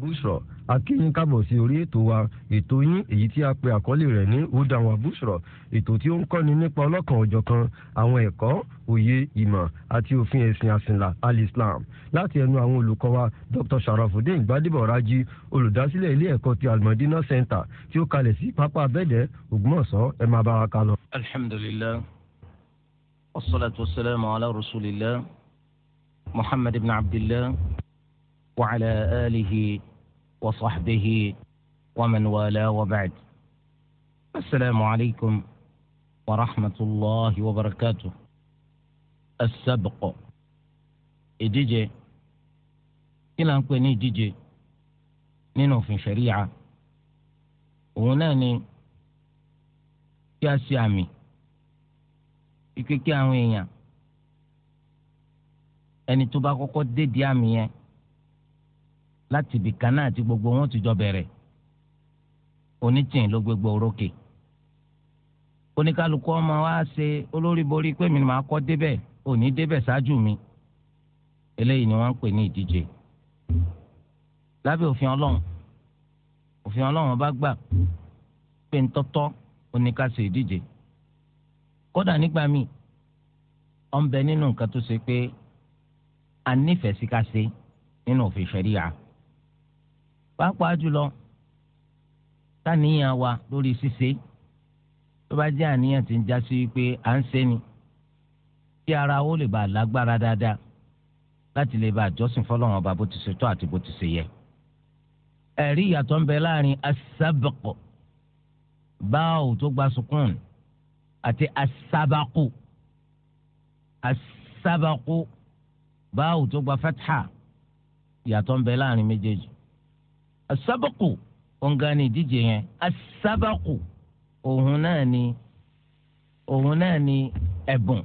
bushra akínyìn kábọ̀ sí orí ètò wa ètò yín èyí tí a pè àkọlé rẹ̀ ní udawa bushra ètò tí ó ń kọ́ni nípa ọlọ́kan ọ̀jọ̀kan àwọn ẹ̀kọ́ òye ìmọ̀ àti òfin ẹ̀sìn àsìnlá alislam láti ẹnu àwọn olùkọ́ wa dr sharafudin gbadebo raji olùdásílẹ̀ ilé ẹ̀kọ́ ti almadina center tí ó kalẹ̀ sí pápá abẹ́dẹ̀ ògbómọ̀ṣọ́ ẹ máa bá wa kálọ. alhamdulilayi wasalaatu wasalaamu ala rasulillah muhammad ibn abdillah wa ala وصحبه ومن والاه وبعد السلام عليكم ورحمه الله وبركاته السبق ادجي الى ان كوني ادجي نينو في شريعه وناني يا سيامي ikeke àwọn èèyàn ẹni tó bá kọkọ dédìí láti ibì kan náà àti gbogbo wọn ti jọ bẹ̀rẹ̀ onítìyìn ló gbégbó orókè oníkálukú ọmọ wa ṣe olórí borí pé mi máa kọ́ débẹ̀ òní débẹ̀ ṣáájú mi eléyìí ni wọ́n ń pè ní ìdíje lábẹ́ òfin ọlọ́run òfin ọlọ́run bá gbà pé ńtọ́tọ́ oníkàṣe ìdíje kódà nígbà míì ọ̀nbẹ nínú nǹkan tó ṣe pé a nífẹ̀ẹ́ sí nínú òfin ṣẹ̀ríyà pàápàá jùlọ táníyàn wa lórí ṣíṣe tó bá jẹ́ àníyàn tí ń já sí pé à ń ṣe ni kí ara ó lè bá lágbára dáadáa láti lè bá àjọsìn fọlọ́run ọba bó ti ṣe tọ́ àti bó ti ṣe yẹ. ẹ̀rí ìyàtọ̀ ń bẹ láàrin asábẹ̀kọ̀ báwo tó gba sukùn àti asábàkù asábàkù báwo tó gba fatha ìyàtọ̀ ń bẹ láàrin méjèèjì asábàkù òǹgà ni ìdíje yẹn asábàkù òun náà ni òun náà ni ẹ̀bùn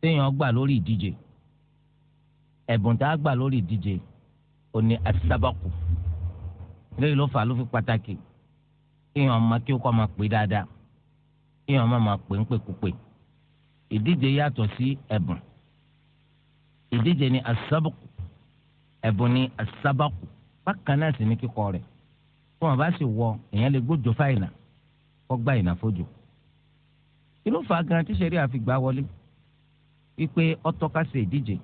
téèyàn gbà lórí ìdíje ẹ̀bùn tá a gbà lórí ìdíje òní asábàkù lẹ́yìn ló fà ló fi pàtàkì kéèyàn máa kí ó kọ́ máa pè dáadáa kéèyàn máa máa pè ń pèkúpè ìdíje yàtọ̀ sí ẹ̀bùn ìdíje ni asabaku ẹ̀bùn ni asábàkù bákan náà sì ní kíkọ rẹ̀ tí wọ́n bá sì wọ èèyàn lè gbójò fáìnà kọ́ gbá ìnà fójò kí ló fà á gan tí sẹ́rí àfigbá wọlé wípé ọtọ́ka ṣe ìdíje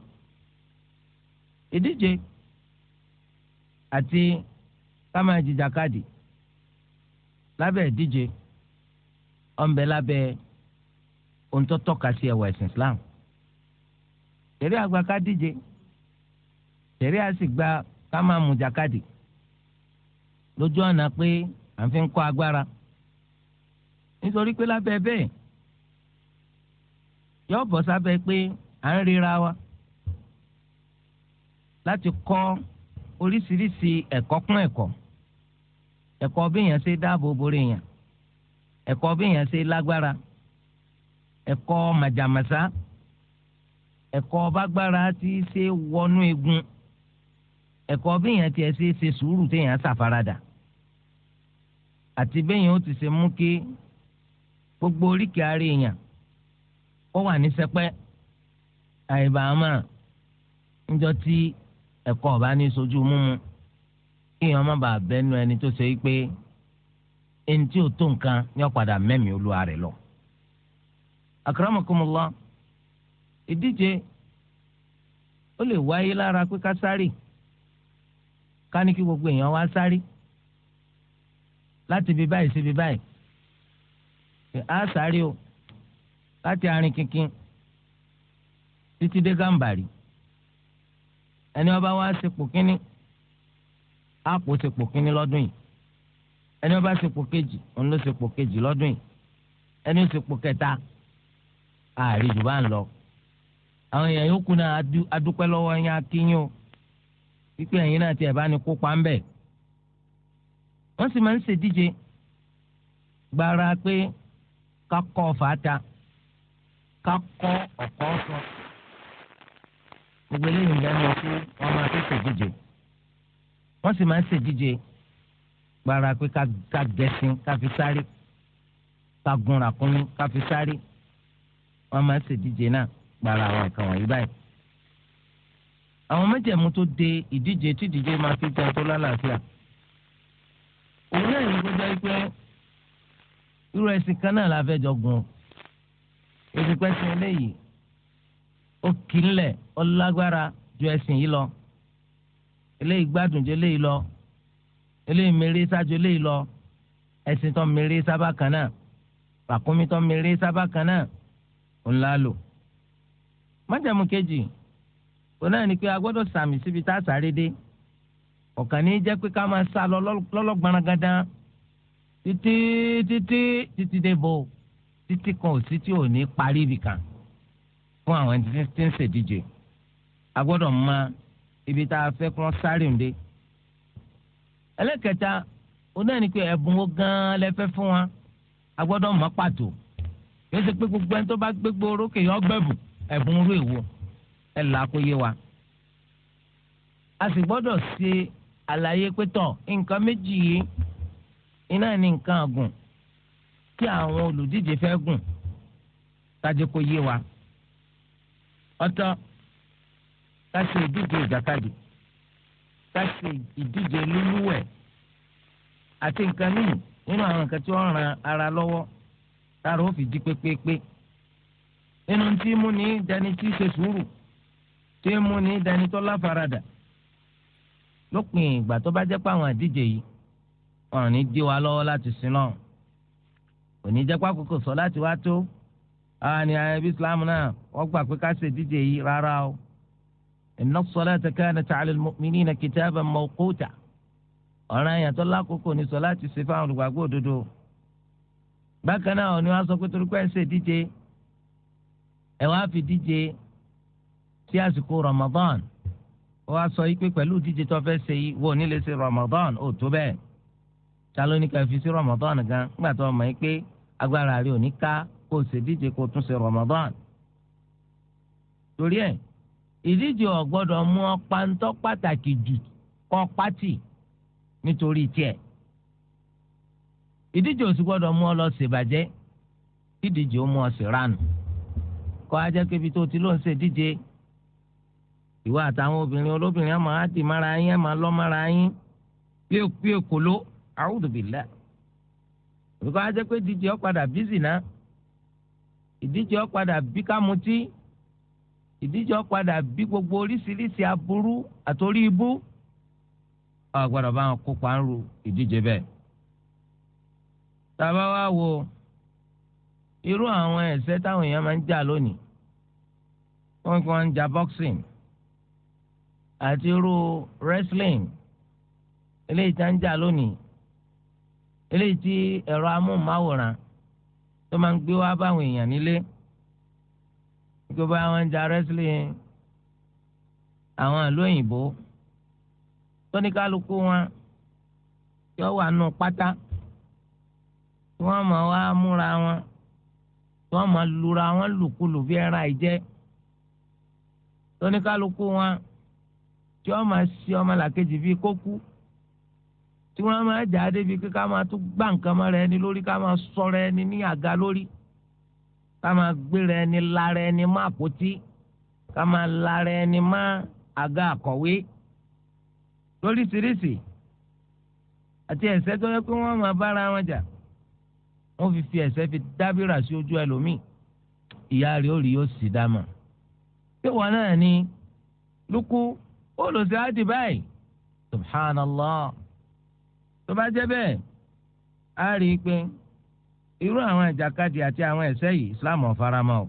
ìdíje àti kámá jìjàkadì lábẹ́ ìdíje ọ̀nbẹ lábẹ́ ohun sí ẹ̀wọ̀ ẹ̀sìn Islam sẹ́rí àgbà ká díje sẹ́rí àsìgbà. Si ká máa mú jákàdì lójú ọ̀nà pé à ń fi ń kọ́ agbára nítorí pé lábẹ́ bẹ́ẹ̀ yọ bọ̀ sábẹ́ pé à ń rira wa láti kọ́ oríṣiríṣi ẹ̀kọ́ kún ẹ̀kọ́ ẹ̀kọ́ bí èèyàn ṣe dáàbò borí èèyàn ẹ̀kọ́ bí èèyàn ṣe lágbára ẹ̀kọ́ màjàmásá ẹ̀kọ́ bágbára ti ṣe wọnú egun. ẹ̀kọ́ bíyàn tiẹ̀ ṣe ṣe sùúrù téèyàn ṣàfaradà àti bẹ́yàn ó ti ṣe mú kí gbogbo oríkèé ara èèyàn kó wà ní sẹpẹ́ àìbàámà níjọ tí ẹ̀kọ́ ọ̀bá ní sojú múmu kéèyàn má bàa bẹ́nu ẹni tó ṣe é pé ẹni tí ò tó nǹkan ní ọ̀padà mẹ́mìí olúwa rẹ̀ lọ. akramakumullah ìdíje ó lè wáyé lára pé ká sáré. ká ní kí gbogbo èèyàn wá sáré láti bí báyìí sí bí báyìí á sáré o láti arin kínkín títí dé gàmbàrí ẹni ọba wa ṣepò kínní á kò ṣepò kínní lọ́dún yìí ẹni ọba ṣepò kejì òun ló ṣepò kejì lọ́dún yìí ẹni ó ṣepò kẹta ààrẹ jù bá ń lọ àwọn èèyàn yòókù náà adúpẹ́ lọ́wọ́ yín akínyìn o wípé ẹ̀yin náà ti ẹ̀ bá ní kópa ń bẹ̀. wọ́n sì máa ń ṣèdíje gbára pé ká ọ̀fà ta ká kọ́ ọ̀kọ́ sọ. gbogbo eléyìí lẹ́nu ọtí wọ́n máa fi ṣèdíje. wọ́n sì máa ń ṣèdíje gbára pé ká gẹṣin ká fi sáré ká gun ràkúnmí ká fi sáré wọ́n máa ń ṣèdíje náà gbára àwọn nǹkan báyìí àwọn mẹ́jẹ̀mú tó de ìdíje tí ìdíje máa fi jẹ tó lálàáfíà òun náà ní kó jẹ́ irú ẹ̀sìn kan náà la fẹ́ jọ gùn èsìkò ẹ̀sìn eléyìí ó kì í lẹ̀ ó lágbára ju ẹ̀sìn yìí lọ eléyìí gbádùn ju eléyìí lọ eléyìí mèrè sáájú eléyìí lọ ẹ̀sìn tó mèrè sábà kan náà pàkúmi tó mèrè sábà kan náà ńlá lò májàmú kejì òun náà ni pé a gbọ́dọ̀ sàmì síbi tá a sáré dé ọ̀kàn ní jẹ́ pé ká máa sá lọ lọ́lọ́gbọ̀nrán gandan títí títí títí dé bò títí kan ò sí tí ò ní parí ibì kan fún àwọn ẹni tí ń ṣèdíje a gbọ́dọ̀ mọ ibi tá a fẹ́ kí wọ́n sáré ń dé ẹlẹ́kẹta ni pé ẹ̀bùn wo gan-an fún wa a gbọ́dọ̀ mọ̀ pàtó kí ó ṣe pé gbogbo ẹni tó bá gbégbó orókè yọ ọgbẹ́bù ẹ̀bùn orú èwo ẹ là kó yé wa. a sì gbọ́dọ̀ ṣe àlàyé pé tọ̀ nǹkan méjì yìí iná ní nǹkan àgùn tí àwọn olùdíje fẹ́ gùn kájé kó yé wa. ọ̀tọ̀ ká ṣe ìdíje ìjàkadì ká ṣe ìdíje lílúwẹ̀ àti nǹkan míì nínú àwọn nǹkan tí wọ́n ran ara lọ́wọ́ tára ó fi di pépépé nínú tí múni dání tí ṣe sùúrù tí ń mú ní danitọ́ láfaradà lópin ìgbà tó bá jẹ́ pé àwọn àdíje yìí wọn ò ní dí wa lọ́wọ́ láti sin náà kò ní jẹ́ pé àkókò sọ láti wá tó àwọn ẹbí Islam náà wọ́n gbà pé ká ṣe díje yìí rárá o inna as-salata kanat 'ala al-mu'minina kitaban mawquta ọ̀ràn àyàn tó lákòókò ní sọ láti ṣe fáwọn olùgbàgbọ́ òdodo bákan náà ni wọ́n á sọ pé torí pé ẹ̀ ṣe díje ẹ̀ wá fi díje sí àsìkò Ramadan ó wá sọ yìí pé pẹ̀lú díje tó fẹ́ ṣe yìí wọ́n ní lè ṣe Ramadan ó tó bẹ́ẹ̀ ta ló ní ká fi sí Ramadan gan nígbà tó mọ̀ pé agbára rẹ̀ ò ní ká kó o ṣe díje kó o tún ṣe Ramadan torí ẹ̀ ìdíje ò gbọ́dọ̀ mú ọ pàǹtọ́ pàtàkì jù kọ́ pátì nítorí tiẹ̀ ìdíje ò sì gbọ́dọ̀ mú ọ lọ ṣèbàjẹ́ ìdíje ó mú ọ ṣèrànù kọ́ ajẹ́ kébi tó ti ló ń ṣe díje ìwọ àtàwọn obìnrin olóbìnrin àmọ́ àti mára yín àmọ́ lọ mára yín bí òkú èkóló àwùdùbìlà òbíkọ ajẹ pé díje ọpadà bí zìnà ìdíje ọpadà bí kámutí ìdíje ọpadà bí gbogbo oríṣiríṣi aburú àtòrí ibú ọgbọ́dọ̀ bá wọn kópa ń ru ìdíje bẹ́ẹ̀ tàbá wá wo irú àwọn ẹ̀ṣẹ̀ táwọn èèyàn máa ń jà lónìí wọ́n kí wọ́n ń jà boxing àti irú wrestling eléyìí tá ń jà lónìí eléyìí tí ẹ̀rọ amóhùnmáwòrán tó máa ń gbé wá báwọn èèyàn nílé gbogbo àwọn ń nja wrestling àwọn àlú òyìnbó tóníkálukú wọn yọ wà nù pátá tí wọ́n máa wá múra wọn tí wọ́n máa lura wọn lùkulù bí ẹran àìjẹ́ wọn. tí wọ́n máa ṣe ọmọ làkejì bíi kó kú tí wọ́n máa jà á débi pé ká máa tún gbá nǹkan mọ́ra ẹni lórí ká máa sọ̀rọ̀ ẹni ní àga lórí ká máa gbéra ẹni lára ẹni má àpótí ká máa lára ẹni má àga àkọ̀wé lóríṣiríṣi àti ẹ̀ṣẹ̀ tó yẹ pé wọ́n máa bára wọn jà wọ́n fi fi ẹ̀ṣẹ̀ fi dábìrà sí ojú ẹlòmíì ìyá rẹ̀ ó rí yóò sì dá mà. pé wọn náà ní lukú olùsè á di báyìí subhanallah tó bá jẹ́ bẹ́ẹ̀ á rí i pé irú àwọn ìjàkadì àti àwọn ẹ̀ṣẹ̀ yìí islam ọ̀farama o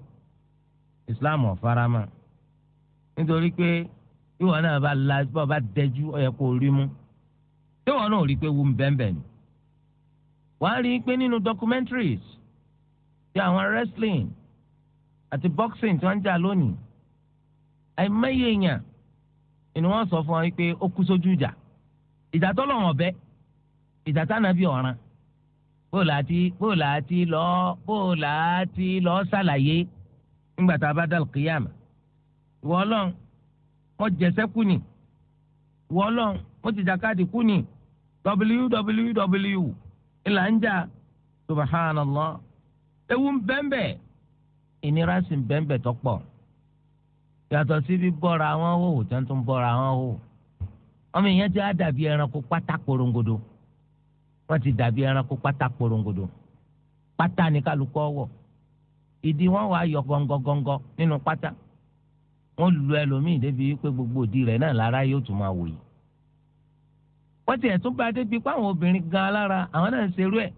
islam ọ̀farama nítorí pé ìwọ náà bá la bá bá dẹjú ọ̀yẹ́ kó rí mú tí wọn náà rí i pé wù ń bẹ́ẹ̀nbẹ́ẹ̀ ni wọ́n á rí i pé nínú documentaries ti àwọn wrestling àti boxing tí wọ́n ń jà lónìí àìmọye èèyàn ni wọ́n sọ fún ọ pé ó kú sójú ìjà ìjà tó lọ́wọ́ bẹ́ ìjà tánàbí ọ̀ràn bóòlà àti bóòlà àti lọ bóòlà àti lọ ṣàlàyé ńgbà tá a bá dàlù kíyàmà ìwọ ọlọ́run wọ́n jẹsẹ́ kú ni ìwọ ọlọ́run wọ́n ti jàkadì kú ni www ìlà ń jà subhanallah ewu ń bẹ́ńbẹ́ ìnira sì ń bẹ́ńbẹ́ tó pọ̀ yàtọ̀ sí bí bọ́ra wọn hò tí wọ́n tún bọ́ra wọn hò ọmọ ìyẹn ti á dàbí ẹranko pátá korongodo wọ́n ti dàbí ẹranko pátá korongodo pátá ni kálukọ́ wọ̀ ìdí wọn wàá yọ gọngọgọngọ nínú pátá wọ́n lu ẹlòmíì débi pé gbogbo òdi rẹ̀ náà lára yóò tún máa wòye wọ́n tiẹ̀ tún bá débi pé àwọn obìnrin gan alára àwọn náà ń ṣerú ẹ̀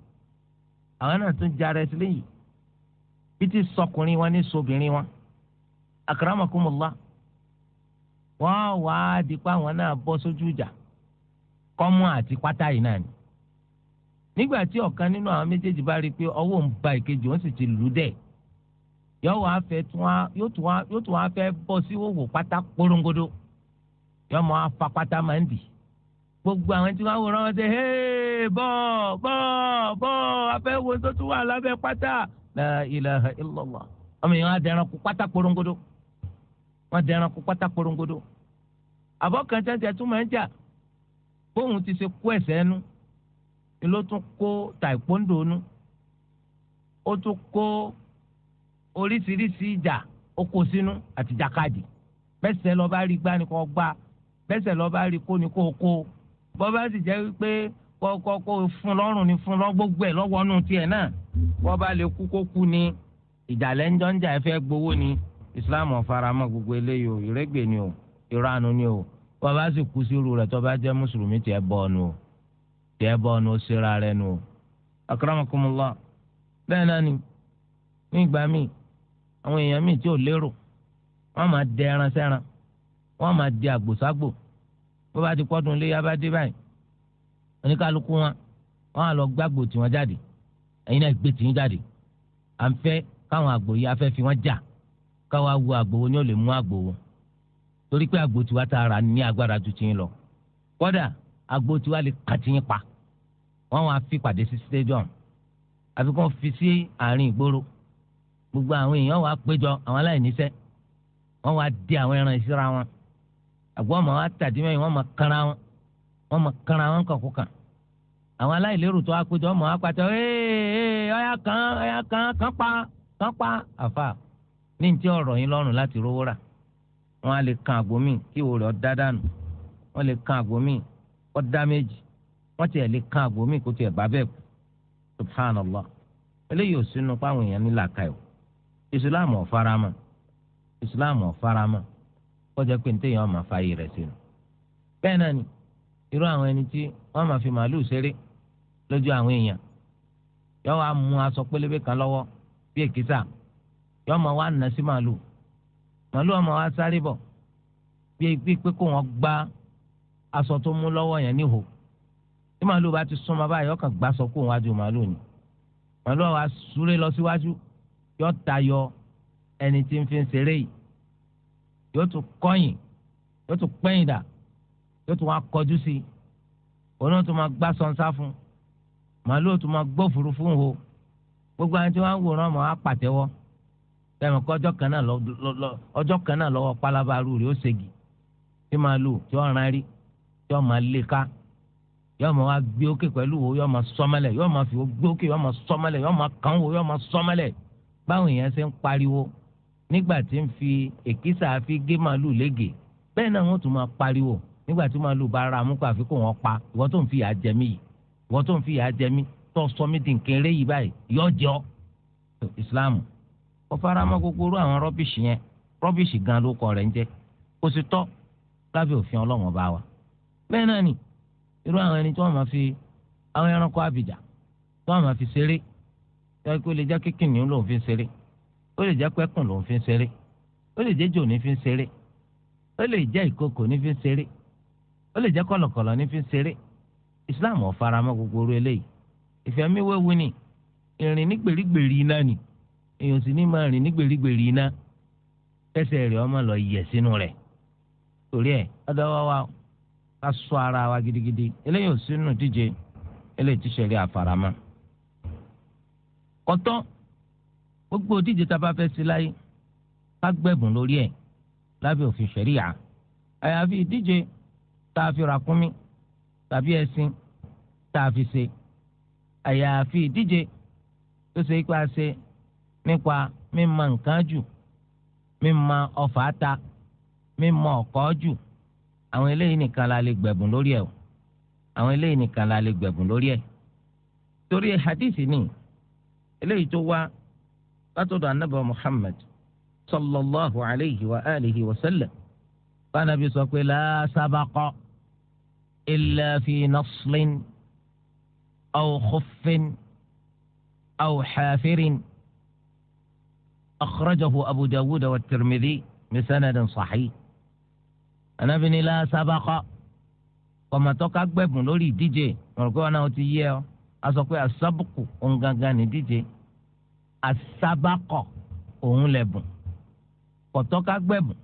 àwọn náà tún jarẹ sílẹ̀ yìí bí ti sọkùnrin wọn ní sobìnrin wọn. akara wọ́n wàá di pa àwọn náà bọ́ sójú ìjà kọ́mú àti pátá yìí náà ni nígbà tí ọ̀kan nínú àwọn méjèèjì bá rí i pé ọwọ́ ń ba ìkejì ó sì ti lù ú dẹ̀ yóò wá fẹ́ tún wá yóò tún wá yóò fẹ́ bọ́ sí òwò pátá yóò mọ gbogbo àwọn tí wọ́n wòran wọn ṣe hey bọ́ bọ́ bọ́ afẹ́ wo tó wà pátá la ilaha illallah wọ́n dẹran kó pátá korongodo àbọ̀kàntẹ́ tẹ tún máa ń jà bóun ti ṣe kó ẹ̀sẹ̀ nu ni ló tún kó taekwondo nu ó tún kó oríṣiríṣi ìjà ó sínú àti jàkadì bẹ́sẹ̀ lọ́ọ́ bá rí gbá ni kò gbá rí kó ni ni fún islam ọ̀faramọ́ gbogbo eléyìí o ìrẹ́gbẹ̀ ni o ìranu ni o wọ́n bá sì kú sírú rẹ̀ tó bá jẹ́ mùsùlùmí tiẹ̀ bọ́ ọ̀nù o tiẹ̀ bọ́ ọ̀nù ó ṣera rẹ̀ nù o. akramakumullah bẹ́ẹ̀ náà ni ní ìgbà míì àwọn èèyàn míì tí ò lérò wọ́n máa dẹ ẹran sẹ́ran wọ́n máa dẹ àgbò ságbò bó bá ti pọ́dún ilé yá bá dé báyìí oníkálukú wọn wọ́n á lọ gbàgbò tí wọ́n jáde ẹ̀yin náà gbé tí káwa wo àgbòwò ni ó lè mú àgbòwò torí pé àgbò tiwa tá a rà ní agbára ju tiyín lọ kódà àgbò tiwa lè kà tiyín pa wọn wá fi pàdé sí stadium àfi kàn fi sí àárín ìgboro gbogbo àwọn èèyàn wá péjọ àwọn aláìníṣẹ́ wọn wá di àwọn ẹran ìṣúra wọn àgbò wọn máa tàdí mẹ́rin wọn máa kanra wọn wọn máa kanra wọn kankó kan àwọn aláìlérò tó wá péjọ wọn máa pàtẹ ẹ ẹ ọyà kan ọyà kan kan pa kan pa àfa ní ti ọ̀rọ̀ yín lọ́rùn láti rówó rà wọ́n á lè kan àgbo míì kí ìwò rẹ̀ dànù wọ́n lè kan àgbo míì kọ́ dá méjì wọ́n tiẹ̀ lè kan àgbo míì kó tiẹ̀ bá bẹ́ẹ̀ kú subhanallah eléyìí ò sínú páwọn èèyàn ní làákàyò ìsìláàmù ọ̀farama ìsìláàmù ọ̀farama kọjá pé ní téèyàn máa fààyè rẹ̀ sínú bẹ́ẹ̀ náà ni irú àwọn ẹni tí wọ́n máa fi màálù ṣeré lójú àwọn èèyàn yọ wá mú aṣọ pélébé kan lọ́wọ́ bí èkìtà yọ ọmọ wa nà sí màálù màálù ọmọ wa sáré bọ̀ bíi bíi pé kó wọn gbá aṣọ tó mú lọ́wọ́ yẹn níhò tí màálù bá ti súnmọ́ báyìí ọkàn gbá sọ kó wájú màálù ni màálù wa súré lọ síwájú yọ tayọ ẹni tí ń fi ṣeré yìí yóò tún kọ̀yìn yóò tún pẹ́yìn dà yóò tún wá kọjú sí i òun náà tún máa gbá sọ́nsá fún màálù tún máa gbófurufú hò gbogbo àwọn tí wọ́n ń wòran mọ́ á tẹmọ kọ ọjọ́ kan náà lọ ọjọ́ kan náà lọ́wọ́ pálábàárù rẹ̀ ó ṣègì tí máa lù tí ó rán rí tí ó máa lé ká yóò máa wá gbé òkè pẹ̀lú wo yóò máa sọmọlẹ̀ yóò máa fi gbé òkè yóò máa sọmọlẹ̀ yóò máa kàn wo yóò máa sọmọlẹ̀ báwọn èèyàn ṣe ń pariwo nígbà tí ń fi èkísà fi gé màálù lége bẹ́ẹ̀ náà wọ́n tún máa pariwo nígbà tí màálù bá ra amúkọ àfikún wọn pa ìwọ tó ń fi ìyà jẹ yìí ìwọ tó ń fi ìyà jẹ mí tó sọ mí di nkéré yìí báyìí yọ jọ Islam ó faramọ́ gbogbo orú àwọn rọ́bìṣì yẹn rọ́bìṣì gan ló kọ rẹ̀ ń jẹ́ kó sì tọ́ lábẹ́ òfin ọlọ́wọ́n bá wa. bẹ́ẹ̀ náà ni irú àwọn ẹni tí wọ́n máa fi àwọn ẹranko àbìjà tí wọ́n máa fi ṣeré tó yẹ kó lè jẹ́ kíkìnì lòún fi ṣeré ó lè jẹ́ pẹ́kùn lòún fi ṣeré ó lè jẹ́ jò ní fi ṣeré ó lè jẹ́ ìkokò ní fi ṣeré ó lè jẹ́ kọ̀lọ̀kọ̀lọ̀ ní fi ṣeré Islam ò faramọ́ gbogbo orú eléyìí ìfẹ́ mi wéwu ni ìrìn ní náà ni èèyàn sì ní máa rìn ní gbèrígbèrí iná tẹ́sẹ̀ rẹ̀ ọmọ lọ yẹ̀ sínú rẹ̀ torí ẹ̀ ọ̀dọ́wọ́ wa ká sọ ara wa gidigidi eléyìí ò sínú díje eléyìí ti ṣẹlẹ̀ àfaramọ́ kọ́tọ́ gbogbo díje tá a bá fẹ́ sí láyé ká gbẹ̀bùn lórí ẹ̀ lábẹ́ òfin ṣẹ̀ríyà àyàfi ìdíje tá ràkúnmí tàbí ẹṣin tá a àyàfi ìdíje tó ṣe é pé ṣe nípa mímọ̀ nǹkan jù mímọ̀ ọfà ta mímọ̀ ọkọ jù àwọn eléyìí nìkan la lè gbẹ̀bùn lórí ẹ̀ o àwọn eléyìí nìkan la lè gbẹ̀bùn lórí ẹ̀ torí hadisi ni eléyìí tó wá látọ̀dọ̀ anábọ̀ Muhammad sallallahu alayhi wa alihi wa sallam bánabi sọ pé la sabaqa fi naslin aw khuffin aw hafirin. أخرجه أبو داود والترمذي بسند صحيح أنا بن لا سبق kọmọ tó ká gbẹ̀bùn lórí ìdíje ọ̀rọ̀kọ́ wọn náà ti yé ọ a sọ pé asábùkù òun gangan ní ìdíje asábàkọ òun lẹ̀bùn kọ̀tọ́ ká gbẹ̀bùn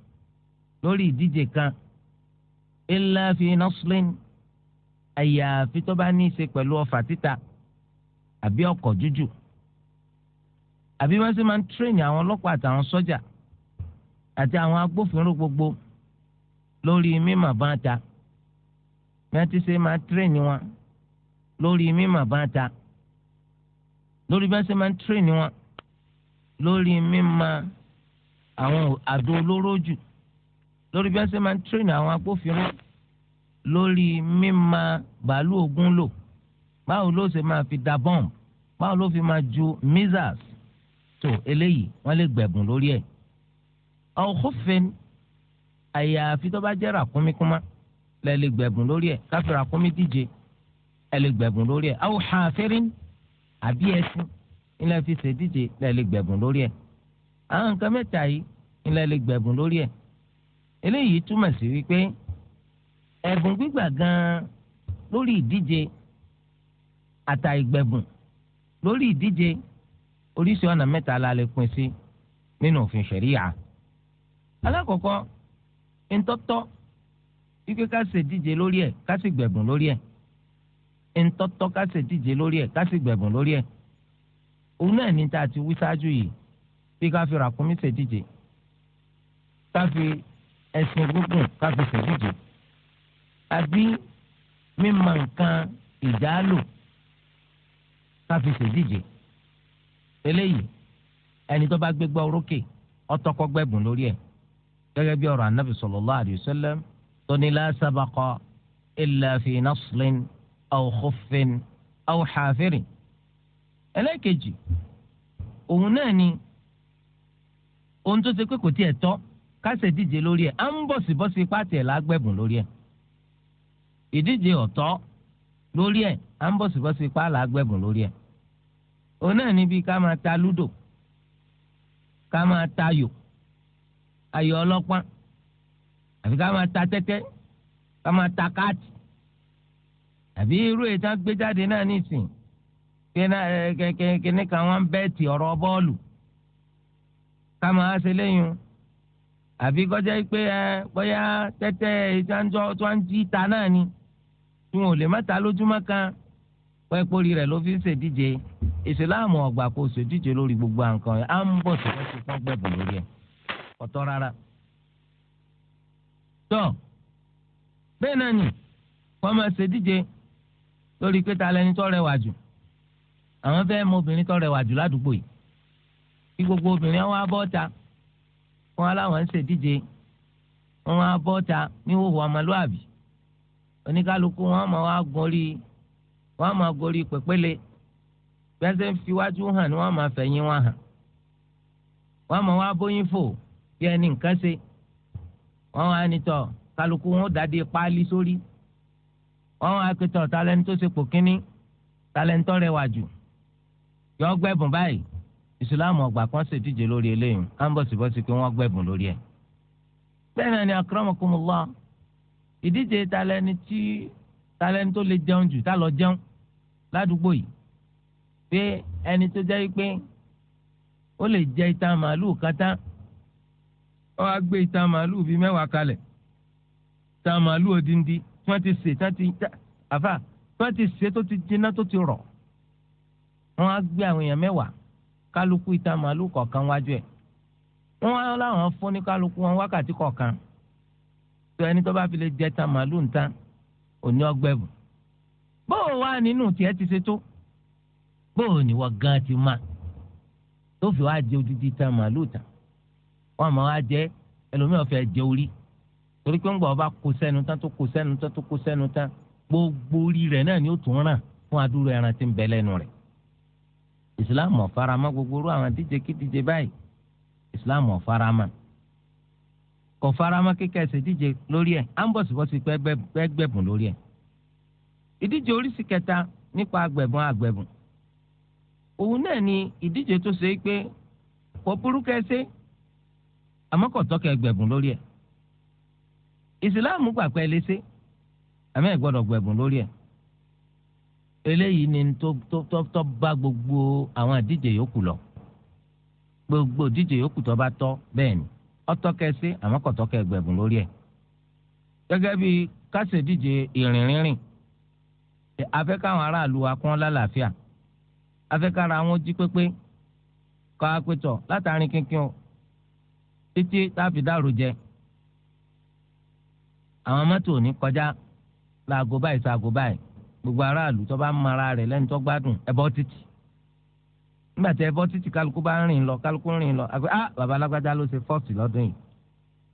lórí ìdíje kan illa fi naslin àyàfi tó bá ní í ṣe pẹ̀lú ọfà títa àbí ọkọ̀ jújù àbí wọ́n sì máa ń tírèènì àwọn ọlọ́pàá àtàwọn sọ́jà àti àwọn agbófinró gbogbo lórí mímọ̀ bá ta bí ti ṣe máa tírèènì wọn lórí mímọ̀ bá ta lórí bí wọ́n ṣe máa ń tírèènì wọn lórí mímọ̀ àwọn àdó olóró jù lórí bí wọ́n ṣe máa ń tírèènì àwọn agbófinró lórí mímọ̀ bàálù ogun lò báwo ló ṣe máa fi da bọ́ǹbù báwo ló fi máa ju missiles so eléyìí wọ́n lè gbẹ̀bùn lórí ẹ̀ ọ̀hófin àyàfi tó bá jẹ́ kuma lẹ lè gbẹ̀bùn lórí ẹ̀ káfí ràkúnmí díje ẹ lè gbẹ̀bùn lórí ẹ̀ àwọn hàfẹ́rín àbí ẹṣin ilẹ̀ fi ṣèdíje lẹ lè gbẹ̀bùn lórí ẹ̀ àwọn nǹkan mẹ́ta yìí ilẹ̀ lè gbẹ̀bùn lórí ẹ̀ eléyìí túmọ̀ sí wípé ẹ̀bùn gbígbà gan-an lórí ìdíje àtàìgbẹ̀bùn lórí ìdíje oríṣi ọ̀nà mẹ́ta la lè pín sí nínú òfin ṣẹ̀ríyà alákọ̀ọ́kọ́ ntọ́tọ́ wípé ká ṣe díje lórí ẹ̀ ká sì gbẹ̀bùn lórí ẹ̀ ntọ́tọ́ ká ṣe díje lórí ẹ̀ ká sì gbẹ̀bùn lórí ẹ̀ òun náà ní ta ti wí ṣáájú yìí bí ká fi ràkúnmí ṣe díje ká fi ẹṣin gúngùn ká fi ṣe díje àbí mímọ nǹkan ìjálò ká fi ṣe díje eléyìí ẹni tó bá gbégbá orókè ọtọkọ gbẹbùn lórí ẹ gẹ́gẹ́ bí ọ̀rọ̀ anabi sallallahu alayhi wa sallam tó ní la sabaqa illa fi naslin aw khuffin aw hafirin ẹlẹ́ẹ̀kejì òun náà ni ohun tó ṣe pé kò tiẹ̀ tọ́ kásẹ̀ díje lórí ẹ̀ à ń bọ̀sibọ́sí pàtẹ́ lágbẹ̀bùn lórí ẹ̀ ìdíje ọ̀tọ́ lórí ẹ̀ à ń bọ̀sibọ́sí pàlà àgbẹ̀bùn lórí ẹ̀ òun náà níbi ká máa ta lúdò ká máa ta ayò ayò ọlọ́pàá àfi ká máa ta tẹ́tẹ́ ká máa ta káàtì àbí irú ètò gbé jáde náà nìsín kíní kan wọn bẹ́ẹ̀tì ọ̀rọ̀ bọ́ọ̀lù ká máa ṣe lẹ́yìn àbí kọjá pé ẹ bóyá tẹ́tẹ́ ìtànjọ́ tó ń jí ta náà ni tí wọn ò lè má ta lójúmọ́ kan wọ́n rẹ̀ ló fi ń ṣèdíje ìsìláàmù ọgbà kò ṣèdíje lórí gbogbo nǹkan yẹn á ń bọ̀ sí wọ́n ti pọ́n gbẹ̀bùn lórí ẹ̀ ọ̀tọ̀ rárá. tó bẹ́ẹ̀ náà nì wọ́n máa ṣèdíje lórí pé ta lẹni tó rẹwà jù àwọn fẹ́ mọ obìnrin tó rẹwà jù ládùúgbò yìí kí gbogbo obìnrin wọn á bọ́ ta wọn aláwọn ń ṣèdíje wọn á bọ́ ta níhòòhò ọmọlúàbí oníkálukú wọn máa wá gorí wọn máa gorí pẹ̀pẹ́lẹ́ gbẹ́sẹ̀ ń fi wájú hàn ni wọ́n máa fẹ̀yìn wọn hàn wọ́n máa wá bóyin fò bí ẹni nǹkan ṣe wọ́n wá ní tọ̀ kálukú wọn dàdé páálí sórí wọ́n wá pé tọ̀ talẹ́ni tó ṣe pò kínní talẹ́ni tó rẹwà jù yọ gbẹ́bùn báyìí ìsìláàmù ọgbà kan ṣèdíje lórí eléyìí ká ń bọ̀ síbọ̀ sí pé wọ́n gbẹ́bùn lórí ẹ̀ bẹ́ẹ̀ náà ni akramakumullah ìdíje talẹ́ni tí talẹ́ni tó lè jẹun jù tá lọ jẹun ládùúgbò yìí ṣé ẹni tó jẹ́ pé ó lè jẹ ìta màálù kátá ó wá gbé ìta màálù bíi mẹ́wàá kalẹ̀ ìta màálù odindi tí wọ́n ti sè tí wọ́n ti àfà tí wọ́n ti sè tó ti jiná tó ti rọ̀ wọ́n á gbé àwọn èèyàn mẹ́wàá kálukú ìta màálù kọ̀ọ̀kan wájú ẹ̀ wọ́n wá láwọn fún ní kálukú wọn wákàtí kọ̀ọ̀kan tó ẹni tó bá fi lè jẹ ìta màálù ń tán òní ọgbẹ́bù bóò wá nínú tiẹ̀ ti ṣe tó. bóò ni wọ́n gan ti ma tó fi wá jẹ odidi ta màálùú ta wọn àmọ́ wá jẹ ẹlòmíràn fẹ́ jẹ orí torí pé ọba kó sẹ́nu tán tó kó sẹ́nu tán tó kó sẹ́nu tán gbogbo orí náà ni ó tún ràn fún ẹran tí ń bẹ lẹ́nu ìsìláàmù ọ̀farama gbogbo orú àwọn díje kí díje báyìí ìsìláàmù ọ̀farama kíkẹ́ ẹsẹ̀ díje lórí ẹ̀ á ń bọ̀ síbọ̀ sí lórí ẹ̀ ìdíje òun náà ni ìdíje tó ṣe é pé kò burúkú ẹsẹ àmọ́ kò tọ́kẹ́ ẹgbẹ̀bùn lórí ẹ̀ ìsìláàmù gbà pé ẹlẹ́sẹ̀ àmọ́ ẹ̀ gbọ́dọ̀ gbẹ̀bùn lórí ẹ̀ eléyìí ni tó tó tó bá gbogbo àwọn ìdíje yòókù lọ gbogbo ìdíje yòókù tó bá tọ́ bẹ́ẹ̀ ni ọtọ́kẹ́ ẹsẹ àmọ́ kò lórí ẹ̀ gẹ́gẹ́ bí kásẹ̀ díje ìrìn rínrìn káwọn aráàlú wa kún lálàáfíà afẹ́kára àwọn jí pépé kọ́ apẹ̀tọ̀ látàrin kínkín o títí táàfì dàrú jẹ àwọn mọ́tò ò ní kọjá láago báyìí sáago báyìí gbogbo aráàlú tó bá ń mara rẹ̀ lẹ́ni tó gbádùn ẹ̀bọ títì nígbà tí ẹ̀bọ títì kálukú bá rìn lọ kálukú rìn lọ àgbẹ̀ ah bàbá alágbájá ló ṣe fọ́ọ̀sì lọ́dún yìí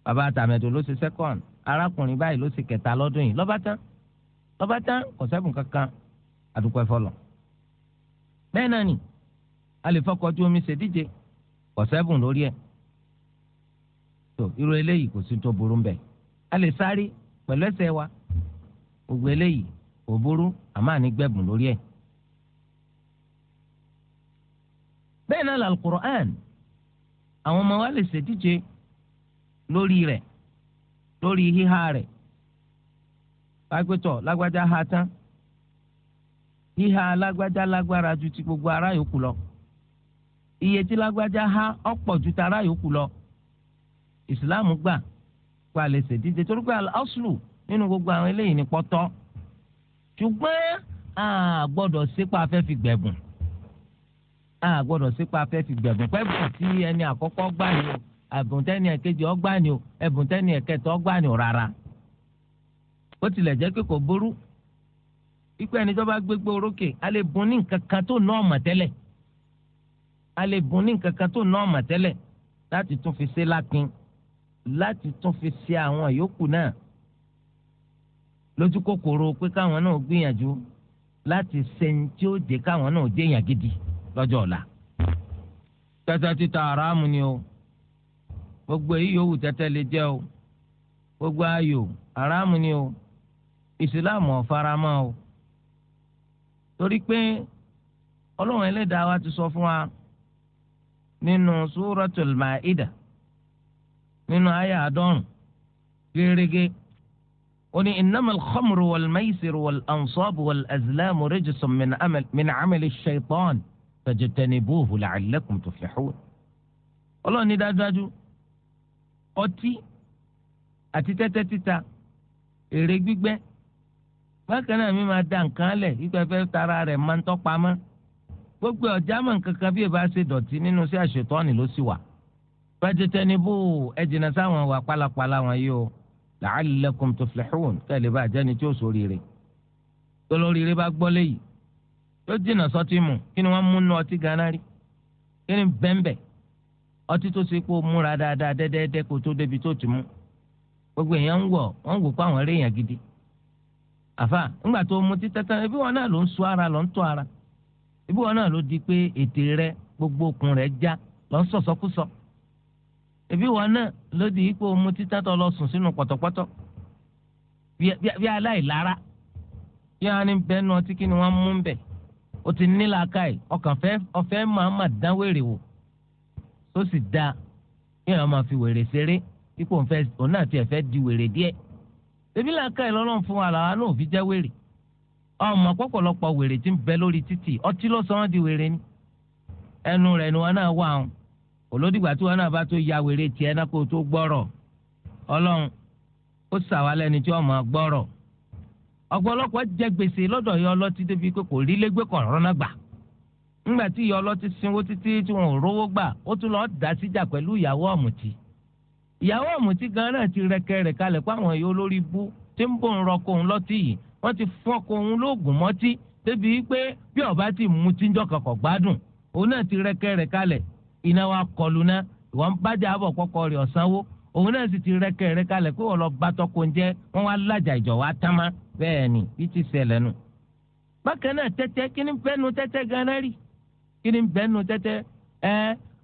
bàbá àtàmẹ̀dò ló ṣe sẹ́kọ̀n arákùnrin báyìí ló ṣe kẹta lọ́dún yìí lọ́bátán lọ́bátán kọ̀sẹ́bùn bẹ́ẹ̀ náà ni a lè fọkọ̀ omi ṣèdíje ọ̀sẹ́bùn lórí ẹ̀ tó irú eléyìí kò sí tó burú ń bẹ̀ a lè sáré pẹ̀lú ẹsẹ̀ wa gbogbo eléyìí kò burú àmọ́ àní gbẹ̀bùn lórí ẹ̀. bẹ́ẹ̀ náà àwọn ọmọ wa lè ṣèdíje lórí rẹ̀ lórí híhá ha tán. ihe alágbájá lágbára ju ti gbogbo ara yòókù lọ iye tí lágbájá ha ọ̀pọ̀ ju ara yòókù lọ ìsìláàmù gbà pa lè ṣèdíje torí pé al nínú gbogbo àwọn eléyìí ní pọ́tọ́ ṣùgbọ́n a gbọ́dọ̀ sípa afẹ́ fi gbẹ̀bùn a gbọ́dọ̀ sípa afẹ́ fi gbẹ̀bùn pẹ́bùn tí ẹni àkọ́kọ́ gbà ní o ẹ̀bùn tẹ́ni ẹ̀kejì ọgbà ní o ẹ̀bùn tẹ́ni ẹ̀kẹta ọgbà ní o rárá ó tilẹ̀ jẹ́ pé kò ikú ẹni tó bá gbégbé orókè a lè bùn ní nǹkan kan tó ná ọ̀mọ̀ tẹ́lẹ̀ a lè bùn ní nǹkan kan tó ná ọ̀mọ̀ tẹ́lẹ̀ láti tún fi ṣe lákin láti tún fi ṣe àwọn yòókù náà lójú kòkòrò pé káwọn náà gbìyànjú láti sẹ́ni tí ó jẹ́ káwọn náà jẹ́ èèyàn gidi lọ́jọ́ ọ̀la. tẹ́tẹ́ títa aráàmù ni o gbogbo èyí yòówù tẹ́tẹ́ lè jẹ́ o gbogbo ayò aráàmù ni o ìsìláàmù ọ̀faramọ́ o. torí pé ọlọ́run ẹlẹ́dàá wa ti sọ fún wa nínú Suratul Maida nínú àyà àádọ́rùn gẹ́gẹ́ ó ní innamal khamru wal maisiru wal ansabu wal azlamu rijsun min amali shaitan fajtanibuhu la'allakum tuflihun. ọlọ́run ní dájúdájú ọtí àti tẹ́tẹ́ títa èrè gbígbẹ́ bákan náà mi máa da nǹkan lẹ̀ ìgbà fẹ́ tara rẹ̀ máa ń tọ́pamọ́ gbogbo ọ̀já mọ̀ nǹkankan bí ìbá ṣe dọ̀tí nínú sí àṣetọ́ni ló sì wà fẹ́tẹ́tẹ́ ni bó ẹ jìnnà sáwọn wà pálapàla wọn yìí o la'allakum tuflihun kẹ́lẹ́ bá jẹ́ni tí ó ṣoríire tó lóríire bá gbọ́ léyìí tó jìnnà sọtí mu kí ni wọ́n mú nu ọtí gánà rí kí ni bẹ́ńbẹ́ ọtí tó ṣe kó múra dáadáa dẹ́dẹ́dẹ́ kó tó débi tó ti mú gbogbo èèyàn ń wọ̀ wọ́n wò pé àwọn eré èèyàn gidi àfà ńgbà tó mu títẹ tán ebi wọn náà ló ń sọ ara ló ń tọ ara ebi wọn náà ló di pé ètè rẹ gbogbo okùn rẹ já ló ń sọsọkúsọ ebi wọn náà ló di ipò mu títẹ tó lọ sùn sínú pọ̀tọ̀pọ̀tọ̀ bí aláìlára yóò ní bẹ́ẹ̀ nu ọtí kí ni wọ́n mú bẹ̀ ó ti ní làákàyè ọkàn ọ̀fẹ́ máa ma dán wèrè wò tó sì dáa yóò máa fi wèrè ṣeré ipò òun náà tiẹ̀ fẹ́ di wèrè díẹ̀. ebi làákà ẹ lọ́lọ́run fún wa làwa náà fi jẹ́ wèrè ọmọ wèrè ti ń bẹ lórí títì ọtí ló sọ wọ́n di wèrè ni ẹnu rẹ̀ ni wọn náà wà ń olódìgbà tí wọn náà bá tó ya wèrè tiẹ̀ náà kó tó gbọrọ ọlọ́run ó ṣàwálẹ̀ ni tí jẹ gbèsè débi pé kò rí kan gbà ńgbà tí sinwó títí tí ìyàwó ọ̀mùtí gan náà ti rẹkẹ rẹ̀ kalẹ̀ pé àwọn èèyàn lórí bú tí ń bò ń rọkọ òun lọ́tì yìí wọ́n ti fọ́kọ òun lóògùn mọ́tì débi wípé bí ọba ti mú tíjọ́ kọ̀kọ̀ gbádùn òun náà ti rẹkẹ rẹ̀ kalẹ̀ iná wa kọlu ìwọ ń bájà àbọ̀ kọkọ rẹ̀ ọ̀sánwó òun náà sì ti rẹkẹ rẹ̀ kalẹ̀ pé ọlọ lọ bá tọkọ oúnjẹ wọ́n wá lájà ìjọ wa támá bẹ́ẹ̀ ni bí ti ṣẹlẹ̀ nù. bákan náà tẹ́tẹ́ kí ni bẹ́ẹ̀ nu tẹ́tẹ́ gan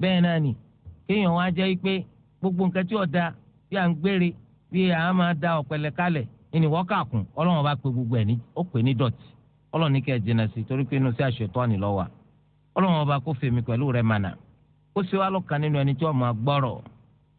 bẹ́ẹ̀ náà ni kéèyàn wá jẹ́ pé gbogbo nǹkan tí ọ̀dà bí à ń gbére bí à ń da ọ̀pẹ̀lẹ̀ kalẹ̀ ìní wọ́kà kùn ọlọ́run bá pe gbogbo ẹ̀ ní ó pè ní dọ̀tí ọlọ́run ní kẹ́ ẹ̀ jìnnà sí torí pé inú sí àṣetọ́ ni lọ́wọ́ ọlọ́run ọba kó fèmí pẹ̀lú rẹ̀ mànà ó ṣe wá lọ́kàn nínú ẹni tí ó gbọ́rọ̀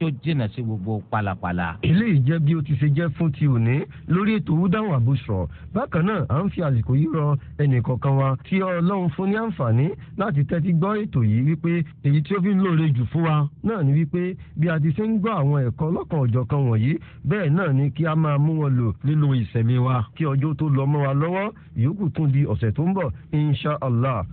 tí ó jìnnà sí gbogbo pálapàla. eléyìí jẹ́ bí ó ti ṣe jẹ́ fún ti òní lórí ètò húdáhùn àbúṣọ bákan náà à ń fi àsìkò yìí rọ ẹnìkọ̀ọ̀kan wa tí ọlọ́run fún ní àǹfààní láti tẹ́tí gbọ́ ètò yìí wípé èyí tí ó fi ń lóore jù fún wa náà ni wípé bí a ti ṣe ń gbọ́ àwọn ẹ̀kọ́ ọlọ́kan ọ̀jọ̀kan wọ̀nyí bẹ́ẹ̀ náà ni kí a máa mú wọn lò nínú ìṣẹ̀mí wa kí ọjọ́ tó lọ mọ́ wa lọ́wọ́ ìyókù tún di ọ̀sẹ̀ tó ń bọ̀ insha allah